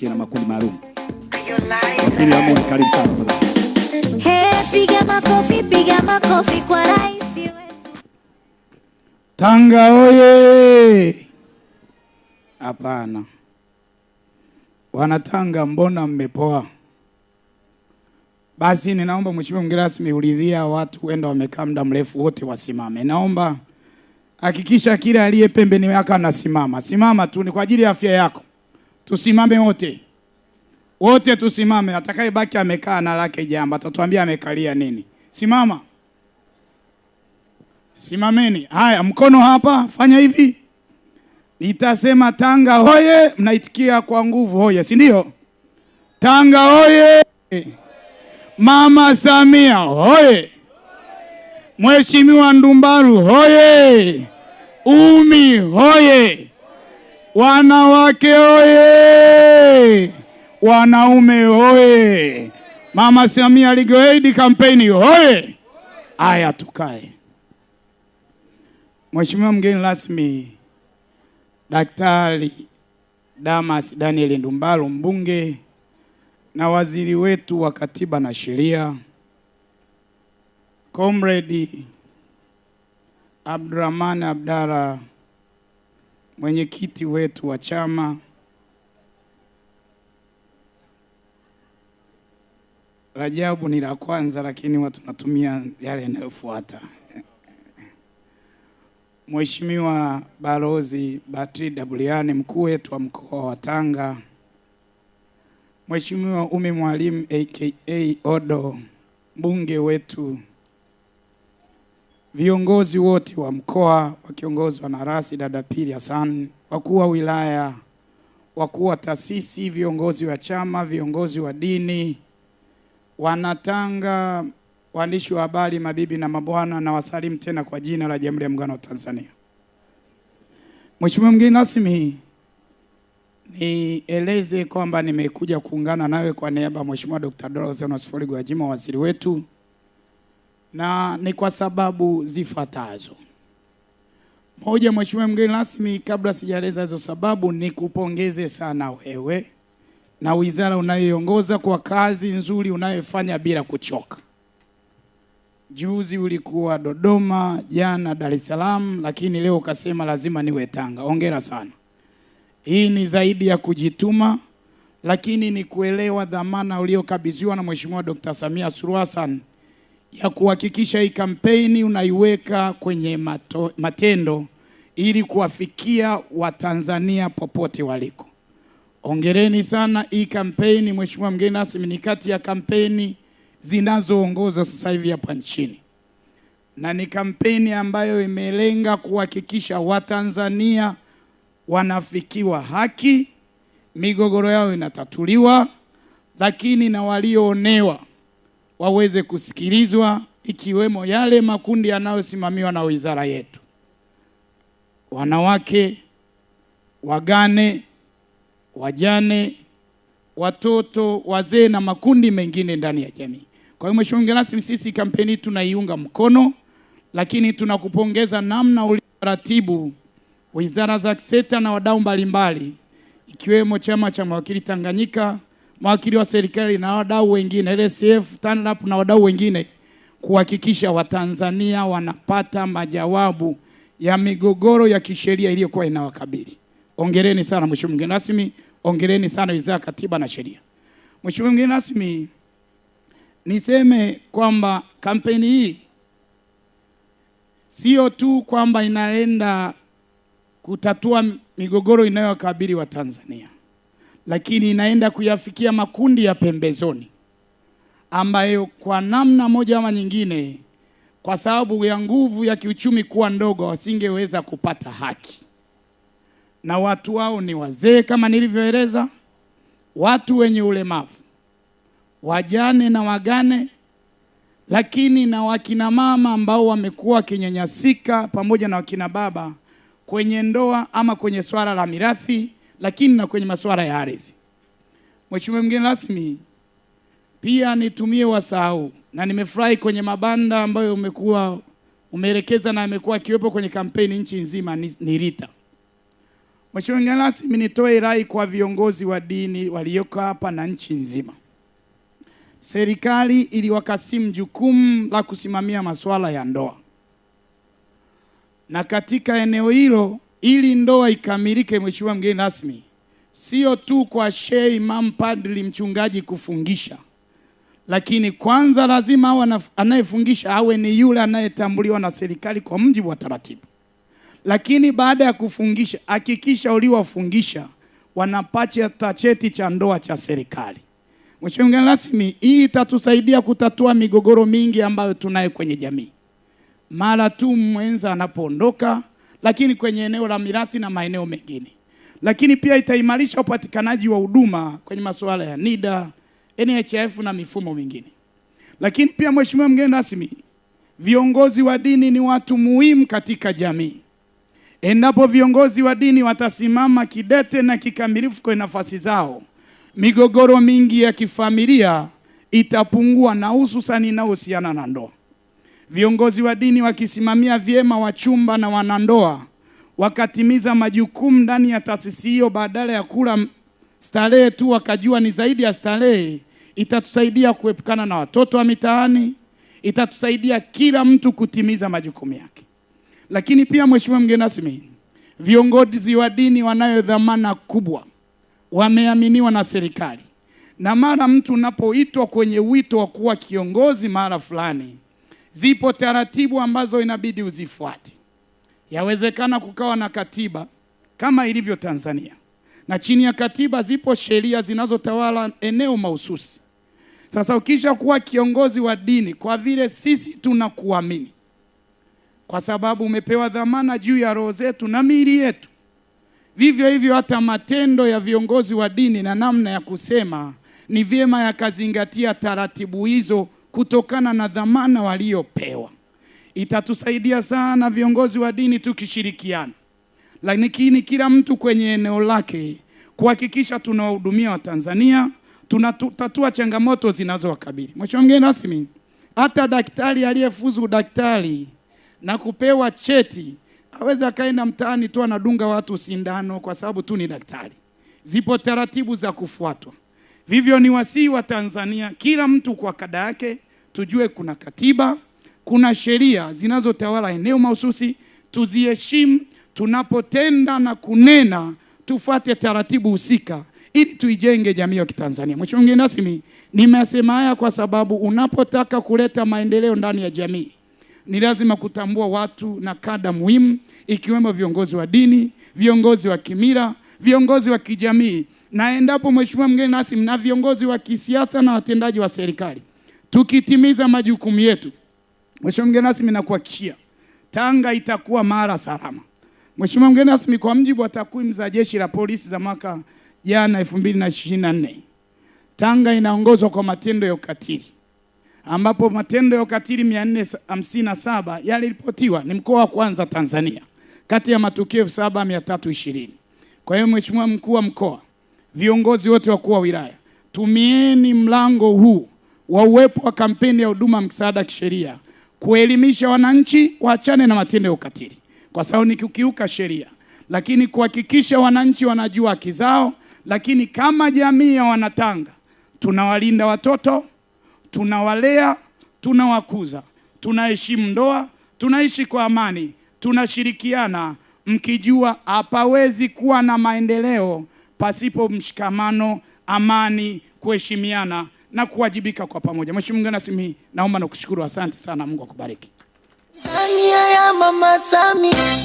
kina makundi maalum. Karibu sana hey, piga makofi, piga makofi kwa rais wetu. Tanga oye! Hapana wanatanga, mbona mmepoa? Basi ninaomba mheshimiwa mgeni rasmi, uridhia watu huenda wamekaa muda mrefu, wote wasimame. Naomba hakikisha kila aliye pembeni yako anasimama. Simama tu, ni kwa ajili ya afya yako. Tusimame wote wote, tusimame. Atakayebaki amekaa na lake jamba, atatuambia amekalia nini. Simama, simameni. Haya, mkono hapa, fanya hivi. Nitasema Tanga hoye, mnaitikia kwa nguvu hoye, si ndio? Tanga hoye, Mama Samia hoye, Mheshimiwa Ndumbaru hoye, Umi hoye Wanawake oye! Wanaume oye! Mama Samia Legal Aid kampeni oye! Haya, tukae. Mheshimiwa mgeni rasmi, Daktari Damas Daniel Ndumbaro, mbunge na waziri wetu wa Katiba na Sheria, Comrade Abdurahman Abdalla mwenyekiti wetu wa chama Rajabu ni la kwanza, lakini watu natumia yale yanayofuata. Mheshimiwa Balozi Batrida Buliani, mkuu wetu wa mkoa wa Tanga, Mheshimiwa Umi Mwalimu aka Odo, mbunge wetu viongozi wote wa mkoa wakiongozwa na Rasi Dada Pili Hassan, wakuu wa wilaya, wakuu wa taasisi, viongozi wa chama, viongozi wa dini, Wanatanga, waandishi wa habari, mabibi na mabwana, na wasalimu tena kwa jina la Jamhuri ya Muungano wa Tanzania. Mheshimiwa mgeni rasmi, nieleze kwamba nimekuja kuungana nawe kwa niaba ya Mheshimiwa Dr. Dorothy Onesphore Gwajima, waziri wetu na ni kwa sababu zifuatazo. Moja, mheshimiwa mgeni rasmi, kabla sijaeleza hizo sababu, nikupongeze sana wewe na wizara unayoiongoza kwa kazi nzuri unayofanya bila kuchoka. Juzi ulikuwa Dodoma, jana Dar es Salaam, lakini leo ukasema lazima niwe Tanga. Hongera sana. Hii ni zaidi ya kujituma, lakini ni kuelewa dhamana uliokabidhiwa na Mheshimiwa Dr. Samia Suluhu Hassan ya kuhakikisha hii kampeni unaiweka kwenye mato, matendo ili kuwafikia Watanzania popote waliko. ongereni sana. Hii kampeni, Mheshimiwa mgeni rasmi, ni kati ya kampeni zinazoongoza sasa hivi hapa nchini, na ni kampeni ambayo imelenga kuhakikisha Watanzania wanafikiwa haki, migogoro yao inatatuliwa, lakini na walioonewa waweze kusikilizwa, ikiwemo yale makundi yanayosimamiwa na wizara yetu. Wanawake, wagane, wajane, watoto, wazee na makundi mengine ndani ya jamii. Kwa hiyo Mheshimiwa mgeni rasmi, sisi kampeni tunaiunga mkono, lakini tunakupongeza namna ulivyoratibu wizara za KSETA na wadau mbalimbali ikiwemo Chama cha Mawakili Tanganyika mawakili wa serikali na wadau wengine LSF, TANLAP na wadau wengine kuhakikisha Watanzania wanapata majawabu ya migogoro ya kisheria iliyokuwa inawakabili. Ongereni sana Mheshimiwa mgeni rasmi, ongereni sana Wizara ya Katiba na Sheria. Mheshimiwa mgeni rasmi, niseme kwamba kampeni hii sio tu kwamba inaenda kutatua migogoro inayowakabili Watanzania lakini inaenda kuyafikia makundi ya pembezoni ambayo kwa namna moja ama nyingine, kwa sababu ya nguvu ya kiuchumi kuwa ndogo, wasingeweza kupata haki, na watu wao ni wazee kama nilivyoeleza, watu wenye ulemavu, wajane na wagane, lakini na wakina mama ambao wamekuwa wakinyanyasika pamoja na wakina baba kwenye ndoa ama kwenye swala la mirathi lakini na kwenye masuala ya ardhi. Mheshimiwa mgeni rasmi, pia nitumie wasaa huu na nimefurahi kwenye mabanda ambayo umekuwa umeelekeza na amekuwa akiwepo kwenye kampeni nchi nzima ni, ni RITA. Mheshimiwa mgeni rasmi, nitoe rai kwa viongozi wa dini walioko hapa na nchi nzima. Serikali iliwakasimu jukumu la kusimamia masuala ya ndoa, na katika eneo hilo ili ndoa ikamilike, mheshimiwa mgeni rasmi, sio tu kwa shehe, imam, padri, mchungaji kufungisha, lakini kwanza lazima awe anayefungisha awe ni yule anayetambuliwa na serikali kwa mjibu wa taratibu. Lakini baada ya kufungisha, hakikisha uliwafungisha wanapata cheti cha ndoa cha serikali. Mheshimiwa mgeni rasmi, hii itatusaidia kutatua migogoro mingi ambayo tunayo kwenye jamii. Mara tu mwenza anapoondoka lakini kwenye eneo la mirathi na maeneo mengine. Lakini pia itaimarisha upatikanaji wa huduma kwenye masuala ya NIDA, NHIF na mifumo mingine. Lakini pia Mheshimiwa mgeni rasmi, viongozi wa dini ni watu muhimu katika jamii. Endapo viongozi wa dini watasimama kidete na kikamilifu kwenye nafasi zao, migogoro mingi ya kifamilia itapungua na hususani inayohusiana na ndoa viongozi wa dini wakisimamia vyema wachumba na wanandoa wakatimiza majukumu ndani ya taasisi hiyo, badala ya kula starehe tu wakajua ni zaidi ya starehe, itatusaidia kuepukana na watoto wa mitaani, itatusaidia kila mtu kutimiza majukumu yake. Lakini pia Mheshimiwa mgeni rasmi, viongozi wa dini wanayo dhamana kubwa, wameaminiwa na serikali, na mara mtu unapoitwa kwenye wito wa kuwa kiongozi mara fulani zipo taratibu ambazo inabidi uzifuate. Yawezekana kukawa na katiba kama ilivyo Tanzania, na chini ya katiba zipo sheria zinazotawala eneo mahususi. Sasa ukisha kuwa kiongozi wa dini, kwa vile sisi tunakuamini, kwa sababu umepewa dhamana juu ya roho zetu na miili yetu, vivyo hivyo hata matendo ya viongozi wa dini na namna ya kusema ni vyema yakazingatia taratibu hizo kutokana na dhamana waliopewa. Itatusaidia sana viongozi wa dini tukishirikiana, lakini kila mtu kwenye eneo lake kuhakikisha tunawahudumia Watanzania, tunatatua changamoto zinazowakabili. Mheshimiwa mgeni rasmi, hata daktari aliyefuzu udaktari na kupewa cheti aweza akaenda mtaani tu anadunga watu sindano kwa sababu tu ni daktari. Zipo taratibu za kufuatwa. Vivyo ni wasii wa Tanzania, kila mtu kwa kada yake tujue kuna katiba, kuna sheria zinazotawala eneo mahususi, tuziheshimu. Tunapotenda na kunena, tufuate taratibu husika ili tuijenge jamii ya Kitanzania. Mheshimiwa mgeni rasmi, nimesema haya kwa sababu unapotaka kuleta maendeleo ndani ya jamii ni lazima kutambua watu na kada muhimu, ikiwemo viongozi wa dini, viongozi wa kimila, viongozi wa kijamii, na endapo mheshimiwa mgeni rasmi, na viongozi wa kisiasa na watendaji wa serikali tukitimiza majukumu yetu. Mheshimiwa mgeni rasmi, nakuhakikishia Tanga itakuwa mara salama. Mheshimiwa mgeni rasmi, kwa mjibu wa takwimu za jeshi la polisi za mwaka jana 2024 Tanga inaongozwa kwa matendo ya ukatili ambapo matendo ya ukatili 457 yaliripotiwa, ni mkoa wa kwanza Tanzania kati ya matukio 7320. Kwa hiyo Mheshimiwa mkuu wa mkoa, viongozi wote wakuu wa wilaya, tumieni mlango huu wa uwepo wa kampeni ya huduma msaada kisheria kuelimisha wananchi waachane na matendo ya ukatili, kwa sababu ni kukiuka sheria, lakini kuhakikisha wananchi wanajua haki zao. Lakini kama jamii ya Wanatanga tunawalinda watoto, tunawalea, tunawakuza, tunaheshimu ndoa, tunaishi kwa amani, tunashirikiana, mkijua hapawezi kuwa na maendeleo pasipo mshikamano, amani, kuheshimiana na kuwajibika kwa pamoja. Mheshimiwa mgeni rasmi, naomba na kushukuru, asante sana, Mungu akubariki. Samia ya mama Samia